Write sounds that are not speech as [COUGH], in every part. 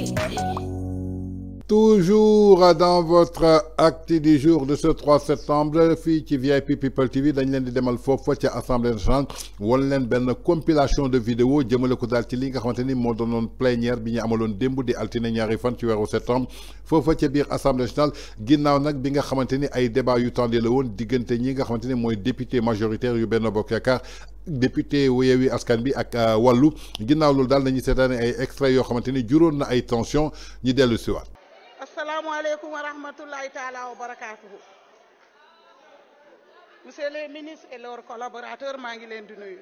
Yeah. toujours dans votre acte du jour de ce 3 septembre fii ci VIP People TV dañ leen di demal foofu ci assemblée nationale won leen benn compilation de vidéos jëmale ko daal ci li nga xamante ni moo une plénière bi à amaloon démb di altine ñaari fan ci weeru septembre foofa ca biir assemblée nationale ginnaaw nak bi nga xamante ni ay débat yu tendé la woon diggante ñi nga xamante ni député majoritaire yu Benno Bokk député Yewwi Askan Wi ak euh, wàllu ginnaaw loolu dal nañu sétane ay extraits yo xamanteni ni na ay tension ñi dellu ci waat asalaamualeykum wa rahmatullahi taala wa barakaatuhu monsieur les ministres et leurs collaborateurs maa ngi leen di nuyu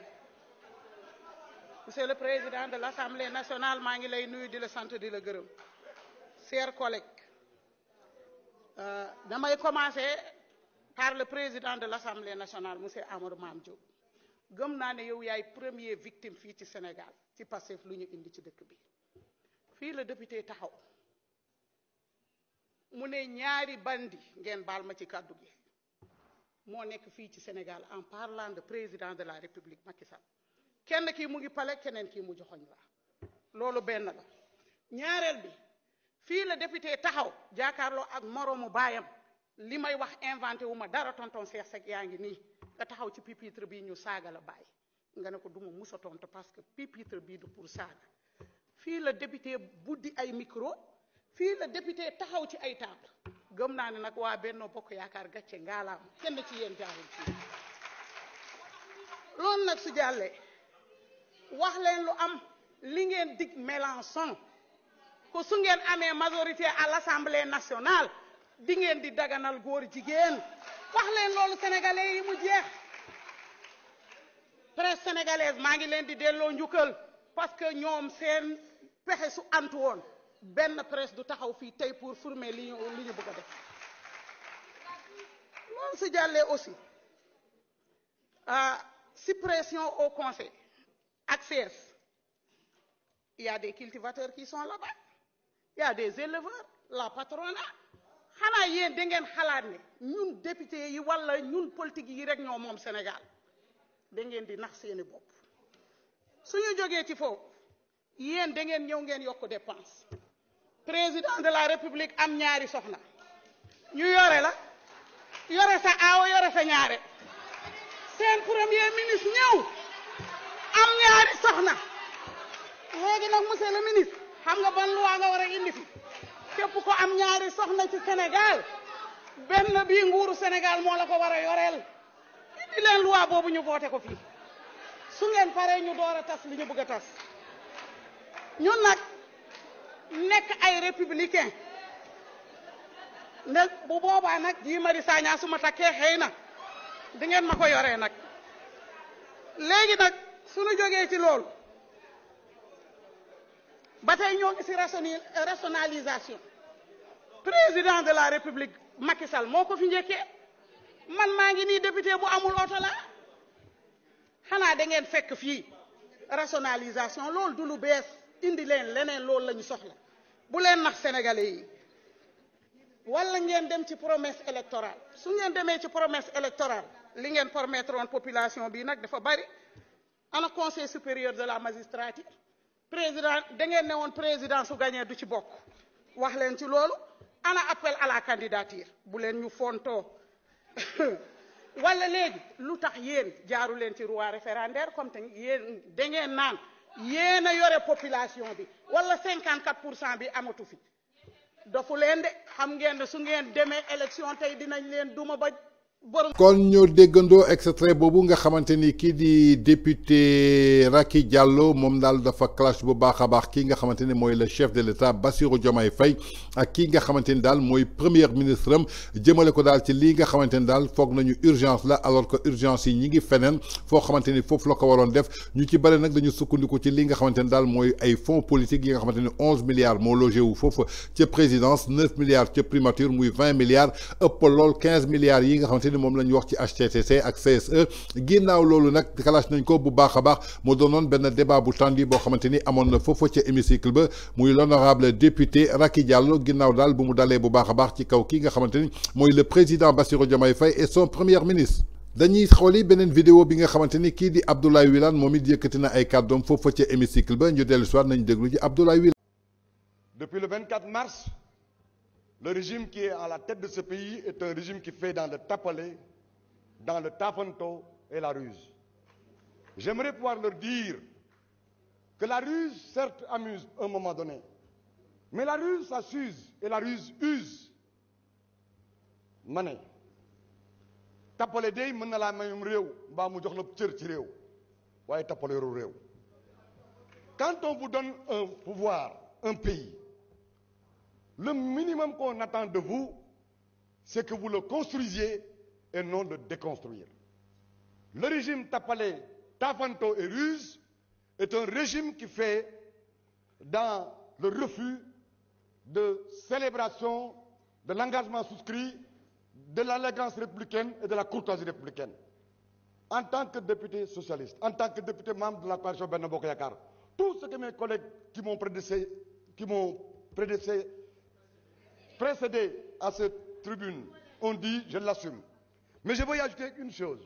monsieur le président de l'assemblée nationale maa ngi lay nuyu di la sant di la gërëm chers collègues euh, damay commencé par le président de l'assemblée nationale monsieur Amadou maam Diop gëm naa ne yow yaay premier victime fii ci Sénégal ci Pastef lu ñu indi ci dëkk bi fii la député taxaw mu ne ñaari bandi ngeen baal ma ci kàddu gi moo nekk fii ci Sénégal en parlant de président de la République Macky Sall kenn kii mu ngi pale keneen kii mu joxoñ la loolu benn la ñaareel bi fii la député taxaw jaakaarloo ak moroomu baayam li may wax inventé wu ma dara tonton Cheikh Seck yaa ngi nii nga taxaw ci pipitre bii ñu saaga la bàyyi nga ne ko duma musa tontu parce que pupitre bii du pour saaga fii la député buddi ay micro fii la député taxaw ci ay table gëm naa ni nag waa Benno Bokk Yaakaar gàcce ngaalaam kenn ci yéen jaarul fii loolu nag su jàllee wax leen lu am li ngeen dig Mélenchon ko su ngeen amee majorité à l'Assemblée nationale di ngeen di daganal góor jigéen wax leen loolu sénégalais yi mu jeex presse sénégalaise maa ngi leen di delloo njukkal parce que ñoom seen pexe su antu woon Ben presse du taxaw fi tay pour former li ñu li bëgg def mon si jallé aussi ah, pression au conseil ak il y a des cultivateurs qui sont là-bas il y a des éleveurs la patronat xanaa yeen da ngeen xalaat ne ñun député yi wala ñun politique yi rek ñoo moom Sénégal da ngeen di nax seeni bopp suñu ñu jógee ci foofu yéen da ngeen ñëw ngeen yokk dépense président de la république am ñaari soxna ñu yore la yore sa aawo yore sa ñaare seen premier ministre ñëw am ñaari soxna léegi nag monsieur le ministre xam nga ban luwaa nga war a indi fi képp ko am ñaari soxna ci Sénégal benn bii nguuru Sénégal moo la ko war a yoreel indi leen luwaa boobu ñu voté ko fii su ngeen paree ñu door a tas li ñu bëgg a tas ñun nag nekk ay républicain nag bu boobaa nag Guy mari Sagna su ma takkee xëy na di ngeen ma ko yoree nag léegi nag suñu jógee ci loolu ba tey ñoo ngi si rationalisation président de la république Macky Sall moo ko fi njëkkee man maa ngi nii député bu amul oto xanaa da ngeen fekk fii rasonalisation loolu du lu bees indi leen leneen loolu la ñu soxla bu leen nax sénégalais yi wala ngeen dem ci promesse électorale su ngeen demee ci promesse électorale li ngeen promettre woon population bi nag dafa bari ana conseil supérieur de la magistrature président da ngeen ne woon président su gagné du ci bokk wax leen ci loolu ana appel à la candidature bu leen ñu fontoo [LAUGHS] wala léegi lu tax yéen jaaru leen ci roi référendaire comme te yéen da ngeen naan yéen a yore population bi wala 54 pour cent bi amatu fi dafu leen de xam ngeen su ngeen demee élection tey dinañ leen duma ba kon ñu déggandoo extrait boobu nga xamante ni kii di député Racky Diallo moom daal dafa clash bu baax a baax kii nga xamante ni mooy le chef de l' état Bassirou Diomaye Faye ak kii nga xamante ni daal mooy premier ministre am jëmale ko daal ci lii nga xamante ni daal foog nañu urgence la alors que urgence yi ñi ngi feneen foo xamante ni foofu la ko waroon def ñu ci bare nag dañu sukkandiku ci li nga xamante ni daal mooy ay fonds politiques yi nga xamante ni onze milliards moo logé wu foofu ca présidence neuf milliards ca primature muy vingt milliards ëpp lool quinze milliards yi nga xamante xamante ni moom la ñu wax ci HTTC ak CSE ginnaaw loolu nag kalaas nañ ko bu baax a baax mu doonoon benn débat bu tendu boo xamante ni amoon na foofu ci hémicycle ba muy l'honorable député Raki Diallo ginnaaw daal bu mu dalee bu baax a ci kaw ki nga xamante ni le président Bassirou Diomaye Faye et son premier ministre. dañuy xooli beneen vidéo bi nga xamante ni kii di Abdoulaye Wilane moom it yëkkati na ay kàddoom foofu ci hémicycle ba ñu dellu si nañ déglu ci Abdoulaye Wilane. depuis le 24 mars. Le régime qui est à la tête de ce pays est un régime qui fait dans le tapalé, dans le tafanto et la ruse. J'aimerais pouvoir leur dire que la ruse, certes, amuse à un moment donné, mais la ruse, ça s'use et la ruse use. Mané. tapolé dey mën la mayum ba ci quand on vous donne un pouvoir un pays le minimum qu'on attend de vous, c'est que vous le construisiez et non le déconstruire. Le régime Tapalé, Tafanto et Ruse est un régime qui fait dans le refus de célébration de l'engagement souscrit, de l'allégance républicaine et de la courtoisie républicaine. En tant que député socialiste, en tant que député membre de la coalition Benoît Yakar, tout ce que mes collègues qui m'ont prédécé, m'ont précédé à cette tribune ont dit je l'assume. Mais je veux y ajouter une chose.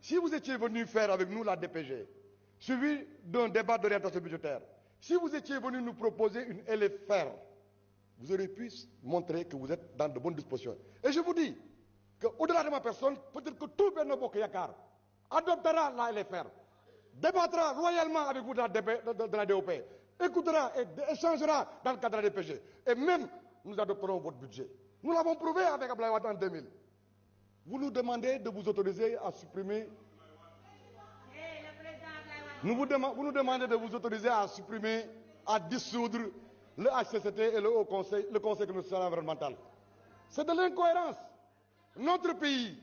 Si vous étiez venu faire avec nous la DPG, suivi d'un débat d'orientation budgétaire, si vous étiez venu nous proposer une LFR, vous auriez pu montrer que vous êtes dans de bonnes dispositions. Et je vous dis qu'au-delà de ma personne, peut-être que tout le Yakar adoptera la LFR, débattra royalement avec vous dans la, de la DOP, écoutera et échangera dans le cadre de la DPG. Et même nous adopterons votre budget. Nous l'avons prouvé avec Ablaï en 2000. Vous nous demandez de vous autoriser à supprimer. vous, nous demandez de vous autoriser à supprimer, à dissoudre le HCCT et le Haut Conseil, le Conseil environnemental. C'est de l'incohérence. Notre pays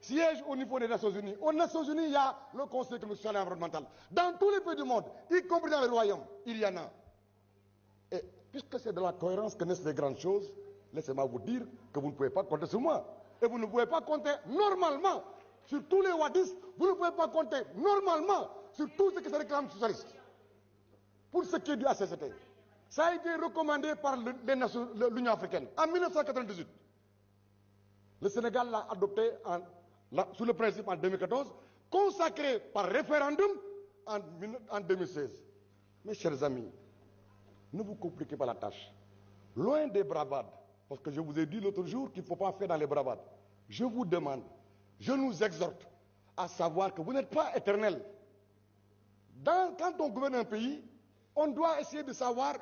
siège au niveau des Nations Unies. Aux Nations Unies, il y a le Conseil national environnemental. Dans tous les pays du monde, y compris dans le royaume, il y en a. Puisque c'est de la cohérence que naissent les grandes choses, laissez-moi vous dire que vous ne pouvez pas compter sur moi. Et vous ne pouvez pas compter normalement sur tous les Wadis, vous ne pouvez pas compter normalement sur tout ce qui se réclame socialiste. Pour ce qui est du ACCT, ça a été recommandé par l'Union africaine en 1998. Le Sénégal l'a adopté sous le principe en 2014, consacré par référendum en, en 2016. Mes chers amis, ne vous compliquez pas la tâche. Loin des bravades, parce que je vous ai dit l'autre jour qu'il ne faut pas faire dans les bravades. Je vous demande, je nous exhorte à savoir que vous n'êtes pas éternel. Dans, quand on gouverne un pays, on doit essayer de savoir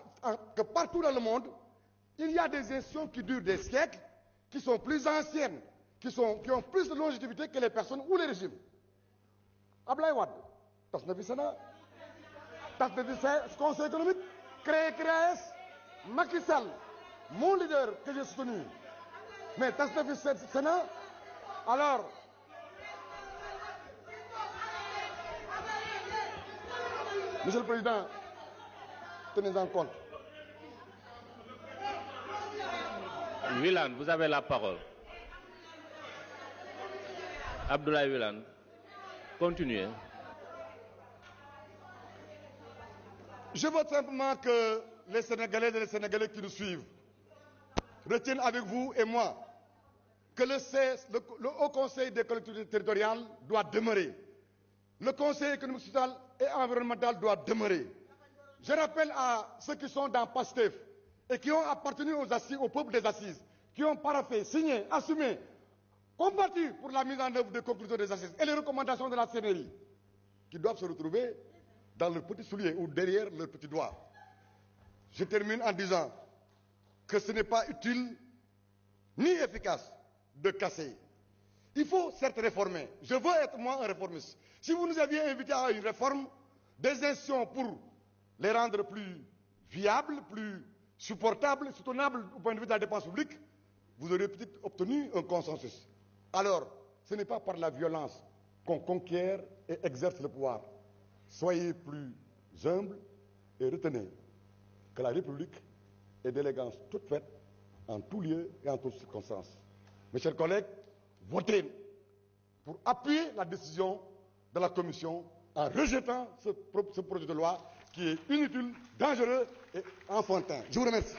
que partout dans le monde, il y a des institutions qui durent des siècles, qui sont plus anciennes, qui, ont plus de longévité que les personnes ou les régimes. Ablaïwad, tas conseil économique créé CREAS Macky Sall mon leader que j'ai soutenu mais tas na fi Sénat alors monsieur le président tenez en compte Wilan, vous avez la parole Abdoulaye Wilan, continuez Je veux simplement que les Sénégalais et les Sénégalais qui nous suivent retiennent avec vous et moi que le, Haut Conseil des collectivités territoriales doit demeurer. Le Conseil économique, social et environnemental doit demeurer. Je rappelle à ceux qui sont dans PASTEF et qui ont appartenu aux assises, au peuple des assises, qui ont paraffé, signé, assumé, combattu pour la mise en œuvre des conclusions des assises et les recommandations de la CNRI, e qui doivent se retrouver dans leurs petit soulier ou derrière leurs petits doigts. Je termine en disant que ce n'est pas utile ni efficace de casser. Il faut certes réformer. Je veux être moi un réformiste. Si vous nous aviez invités à une réforme, des institutions pour les rendre plus viables, plus supportables, soutenables au point de vue de la dépense publique, vous auriez peut-être obtenu un consensus. Alors, ce n'est pas par la violence qu'on conquiert et exerce le pouvoir. Soyez plus humbles et retenez que la République est d'élégance toute faite en tout lieu et en toutes circonstances. Mes chers collègues, votez pour appuyer la décision de la Commission en rejetant ce, ce projet de loi qui est inutile, dangereux et enfantin. Je vous remercie.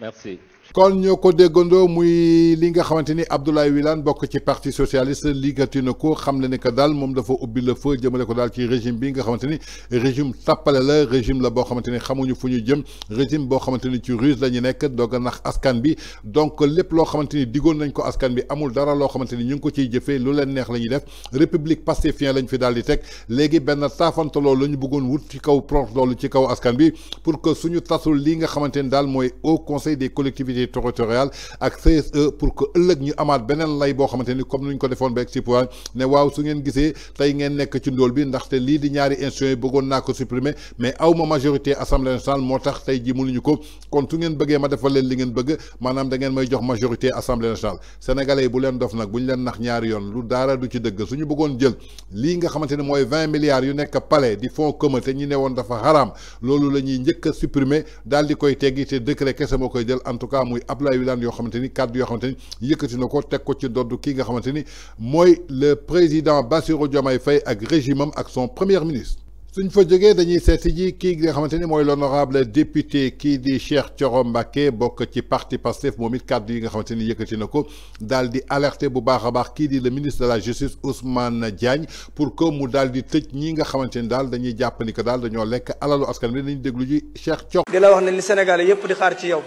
Merci kon ñoko ko muy li nga xamanteni Abdoulaye Wilane bok ci parti socialiste Ligatino ko xam le ne que daal moom dafa ubbi le feu jëmele ko dal ci régime bi nga xamanteni régime tàppale la régime la bo xamanteni xamuñu fuñu jëm régime bo xamanteni ci russe lañu nek doga nax askan bi donc lepp lo xamanteni digon nañ ko askan bi amul dara lo xamanteni ñu ngi ko ciy jëfé lu leen neex la def république pastefien lañ fi dal di tek légui ben taafantaloo la ñu bëggoon wut ci kaw proche loolu ci kaw askan bi pour que suñu tassul li nga xamanteni dal moy Haut Conseil des collectivités collectivité territoriale ak CSE euh, pour que ëllëg ñu amaat benen lay bo xamanteni comme nuñ ko defoon beeg ci point ne waaw su ngeen gisee tay ngeen nek ci ndol bi ndaxte li di ñaari institution yi bëggoon na ko supprimer mais aw ma majorité assemblée nationale motax tay ji mënuñu ko kon su ngeen bëggee ma defal leen li ngeen bëgg manam da ngeen may jox majorité assemblée nationale sénégalais yi bu leen dof nak buñ leen nax ñaari yoon lu daara du ci dëgg suñu bëggoon jël li nga xamanteni moy 20 vingt milliards yu nekk palais di fonds commun te ñi ne dafa haram loolu lañuy ñuy supprimer dal di koy teggi té décret kessa mo koy jël en tout cas fois muy Abdoulaye Wilane yo xamanteni ni yo xamanteni yëkëti nako yëkkati ko ci doddu ki nga xamanteni moy le président Bassirou Diomaye Faye ak régime ak son premier ministre. suñ fa jógee dañuy sétti ji ki nga xamanteni moy l'honorable député ki di Cheikh Thioro Mbacké bokk ci parti Pastef momit it yi nga xamanteni yëkëti nako daldi alerter bu baax baax ki di le ministre de la justice Ousmane Diagne pour que mu daldi di ñi nga xamanteni dal dañuy jàpp ni que daal dañoo lekk alalu askan wi dañuy déglu ji Cheikh Thioro. di la wax ni li Sénégal yëpp di xaar ci yow.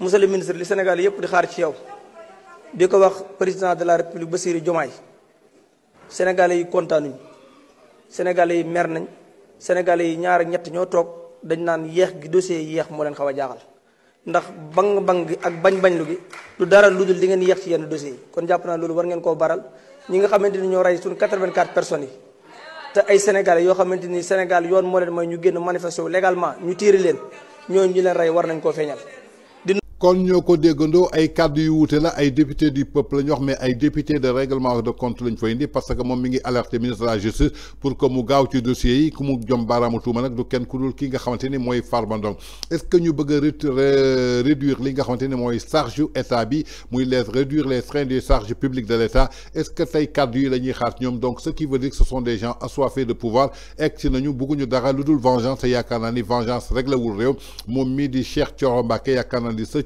monsieur le ministre li Sénégal yépp di xaar ci yow diko wax président de la république Bassirou djomay sénégalais yi kontaanuñ sénégalais yi mer nañ sénégalais yi ñaar ak ñett ñoo tok dañ nan yeex gi dossier yi yéex moo leen jaaxal ndax bang-bang gi ak bañ-bañ lu gi du dara luddul di ngeen yeex ci yenn dossier kon japp na lolu war ngeen ko baral ñi nga xamanteni ni ñoo rey suñ 84 personnes yi te ay sénégalais yo xamanteni ni Sénégal yoon mo len may ñu genn manifesté légalement ñu tiiri len ñooñu ñu len ray war nañ ko feñal kon ñoo ko déggandoo ay kàddu yu wuute la ay député du peuple la mais ay député de règlement de compte la ñu fa indi parce que mon mi ngi alerté ministre de la justice pour que mu gaaw ci dossier yi ku mu jom baaraamu tuuma nag du kenn ku dul ki nga xamante ni est-ce que ñu bëgg a réduire li nga xamante ni mooy charge yu état bi muy les réduire les frais des charges publiques de l'état est-ce que c'est cadre yi la ñuy xaar donc ce qui veut dire que ce sont des gens assoiffés de pouvoir egg ci nañu bëgguñu dara lu vengeance te yaakaar naa ni vengeance réglewul réew moom mii di Cheikh Thioro Mbacké yaakaar naa ni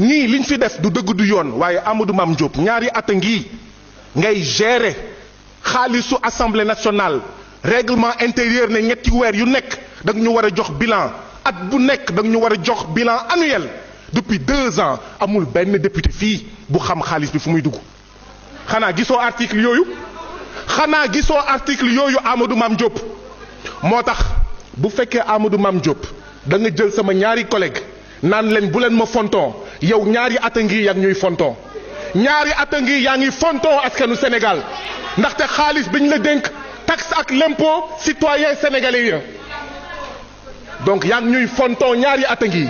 ñii liñ fi def du dëgg du yoon waaye Amadou Mame Diop ñaari at a ngi ngay gérer xaalisu assemblée nationale règlement intérieur ne ñetti weer yu nekk danga ñu war a jox bilan at bu nekk danga ñu war a jox bilan annuel depuis deux ans amul benn député fii bu xam xaalis bi fu muy dugg xanaa gisoo article yooyu xanaa gisoo article yooyu Amadou Mame Diop moo tax bu fekkee Amadou Mame Diop da nga jël sama ñaari collègue naan leen bu leen ma fonton yow ñaari at a ngi yaa ngi ñuy fonton ñaari at a ngi yaa ngi fonton askanu Sénégal ndaxte xaalis bi ñu la dénk taxe ak l'impôt citoyen sénégalais ya donc yaa ngi ñuy fonton ñaari at a ngi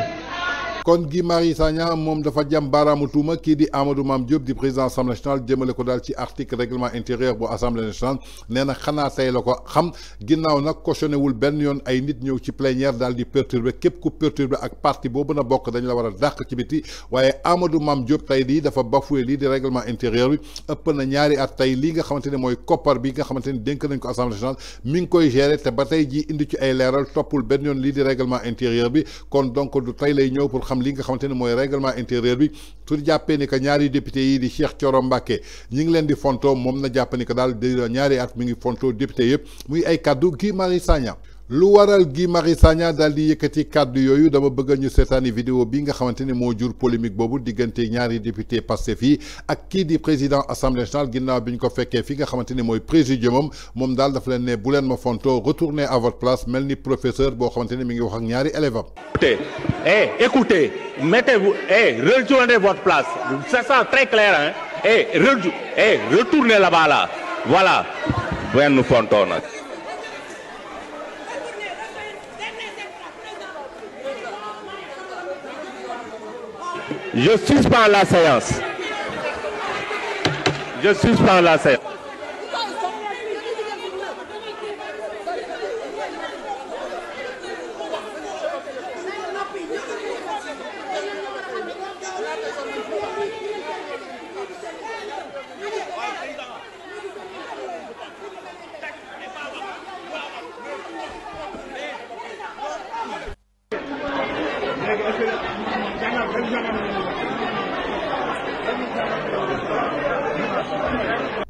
kon Guy Marius Sagna moom dafa jam baaraamu tuuma kii di Amadou maam Diop di président assemblée nationale jëmale ko daal ci article règlement intérieur bu assemblée nationale nee na xanaa tey la ko xam ginnaaw nag cautionné wul benn yoon ay nit ñëw ci plénière daal di perturber képp ku perturber ak parti boobu a bokk dañ la war a dàq ci biti waaye Amadou maam Diop tey di dafa bafoué lii di règlement intérieur bi ëpp na ñaari at tey lii nga xamante ne mooy koppar bi nga xamante ne dénk nañ ko assemblée nationale mi ngi koy gérer te ba tey jii indi ci ay leeral toppul benn yoon lii di règlement intérieur bi kon donc du tey lay ñëw pour xam li nga xamante ne mooy réglement intérieur bi su jàppee ni que ñaari député yi di Cheikh Thioro Mbacké ñi ngi leen di fonto moom na jàpp ni que daal di ñaari at mu ngi fonto député yëpp muy ay kaddu Guy Marius Sagna lu waral Guy Marius Sagna daal di yëkkati kàddu yooyu dama bëgg ñu seetaani vidéo bi nga xamante ni moo jur polémique boobu diggante ñaari député Pastef yi ak kii di président assemblée nationale ginnaaw bi ñu ko fekkee fi nga xamante ni mooy présidium moom daal dafa leen ne bu leen ma fonto retournez à votre place mel ni professeur boo xamante ni mi ngi wax ak ñaari élève eh écoutez mettez-vous eh à votre place ça très clair hein eh, eh retournez là-bas là voilà bu leen fonto nag. Je suspends la séance. Je suspends la séance.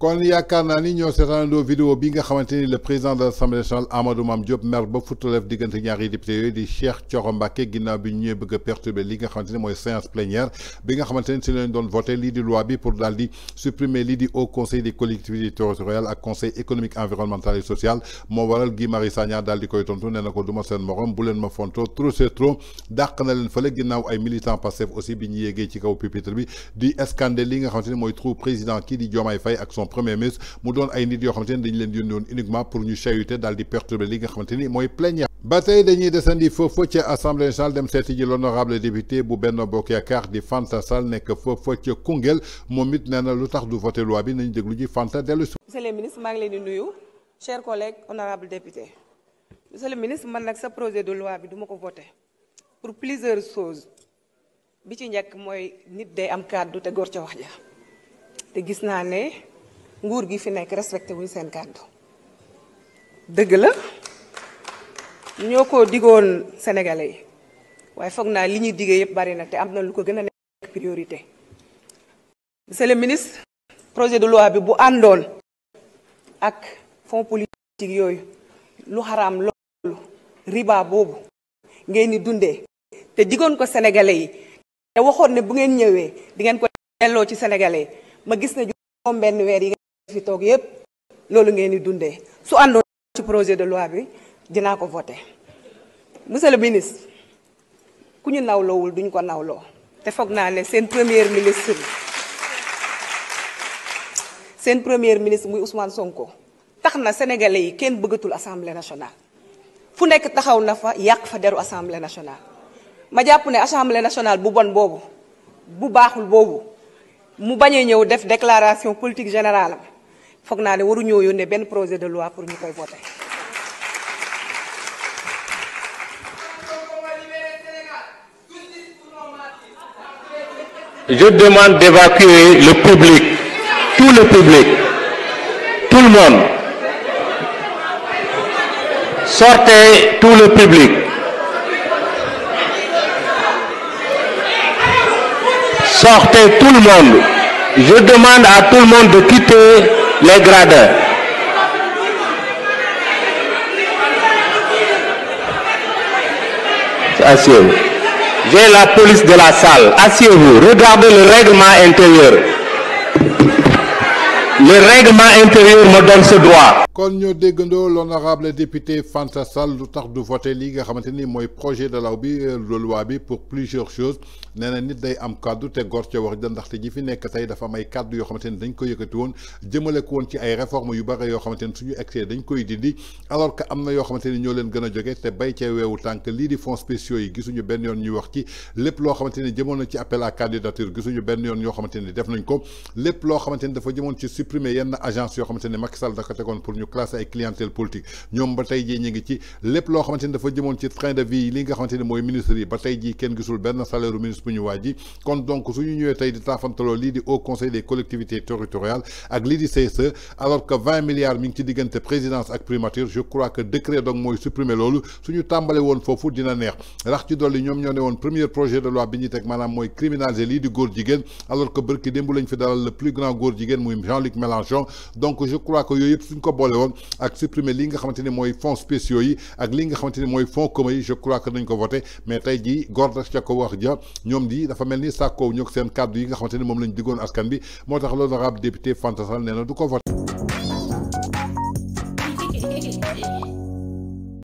kon yaakaar naa ni ñoo seetaanandoo vidéo bi nga xamanteni le président de l'Assemblée nationale Amadou Mame Diop mer ba futtaleef diggante ñaari député yooyu di Cheikh Thioro Mbacké ginnaaw bi ñu bëgg a perturber li nga xamanteni moy séance plénière bi nga xamanteni ci si lañ doon voter li di loi bi pour daal di supprimer li di Haut Conseil des collectivités territoriales ak Conseil économique environnemental et social mo waral Guy mari Sagna daal di koy tontu né na duma seen morom bu leen ma fonto trop c'est trop dàq na leen fele ginnaw ay militants passifs aussi bi ñu yéegee ci kaw pupitre bi di escander li nga xamanteni moy mooy trou président ki di Diomaye fay ak son premier ministre mu doon ay nit yoo xamante ni dañ leen yónnoon uniquement pour ñu chahuter daal di perturber li nga xamante ni mooy plénière ba tey dañuy desandi foofu ca assemblée générale dem seeti ji l'honorable député bu Benno Bokk Yaakaar di Fanta Sall nekk foofu ca Kungel. moom it nee na lu tax du voté loi bi nañu déglu ji Fanta dellu si. monsieur le ministre maa ngi leen di nuyu cher collègues honorable député monsieur le ministre man nag sa projet de loi bi du ma ko voté pour plusieurs choses bi ci njëkk mooy nit day am kàddu te gor ca wax ja te gis naa ne. nguur gi fi nekk respecte wuñ seen kàddu dëgg la ñoo ko digoon sénégalais yi waaye foog naa li ñuy diggee yëpp bari na te am na lu ko gën a nekk priorité sele le ministre projet de loi bi bu àndoon ak fonds politique yooyu lu xaraam loolu riba boobu ngeen di dundee te digoon ko sénégalais yi te waxoon ne bu ngeen ñëwee di ngeen ko delloo ci sénégalais yi ma gis na juróom benn weer yi fi toog yépp loolu ngeen di dundee su àndoon ci projet de loi bi dinaa ko voté monsieur le ministre ku ñu nawloowul duñ ko nawloo te foog naa ne seen premier ministre seen premier ministre muy Ousmane Sonko tax na sénégalais yi kenn bëggatul assemblée nationale fu nekk taxaw na fa yàq fa deru assemblée nationale ma jàpp ne assemblée nationale bu bon boobu bu baaxul boobu mu bañee ñëw def déclaration politique générale am Faut que nous projet de loi pour nous voter. Je demande d'évacuer le public, tout le public, tout le monde. Sortez tout le public. Sortez tout le monde. Je demande à tout le monde de quitter les gradins. Asseyez-vous. J'ai la police de la salle. Asseyez-vous. Regardez le règlement intérieur le règlement intérieur me donne ce droit. kon ñoo déggandoo l'honorable député Fanta Sall lu tax du voté lii nga projet de law bi euh, de loi bi pour plusieurs choses nee nit day am kàddu té gor ci wax dañ ndaxte ji fi nek tay dafa may ay yo xamanteni dañ ko yëkkati won jëmele ko won ci ay réformes yu bari yo xamanteni suñu excès dañ koy dindi alors que amna yo xamanteni xamante ñoo leen gëna a té bay ci weewu tank li di fonds spéciaux yi gisunu ben yoon ñu wax ci lepp lo xamanteni ni na ci appel à candidature gisunu ben yoon yo xamanteni def nañ ko lepp lo xamanteni dafa jëmon ci supprimer yenn agence yo xamante Macky Sall da ko tegoon pour ñu classer ay clientèle politique ñom ba tay ji ñu ngi ci lepp lo xamante dafa jëmon ci train de vie li nga xamante moy mooy ministre yi ba tay ji kenn gisul ben salaire ministre bu ñu waji kon donc suñu ñëwee tay di taafantaloo li di Haut Conseil des collectivités territoriales ak li di CSE alors que 20 milliards mi ngi ci diggante présidence ak primature je crois que décret donc moy supprimer lolu suñu tambalé won fofu dina neex rax ci doli ñom ñoo néwon premier projet de loi bi ñi tek manam moy criminaliser lii di gor jigéen alors que bërki dembu lañ fi dalal le plus grand gor jigéen moy Jean-Luc Mélenchon donc je crois que yoyep yëpp suñ ko bolé won ak supprimer li nga xamanteni moy fonds spéciaux yi ak li nga xamanteni moy fonds commun yi je crois que dañ ko voter. mais tay ji góor ci ko wax ja ñom di dafa melni sako ñok ñoo seen kàddu yi nga xamanteni mom lañ diggoon askan bi motax tax rap député fantasal néna du ko voter.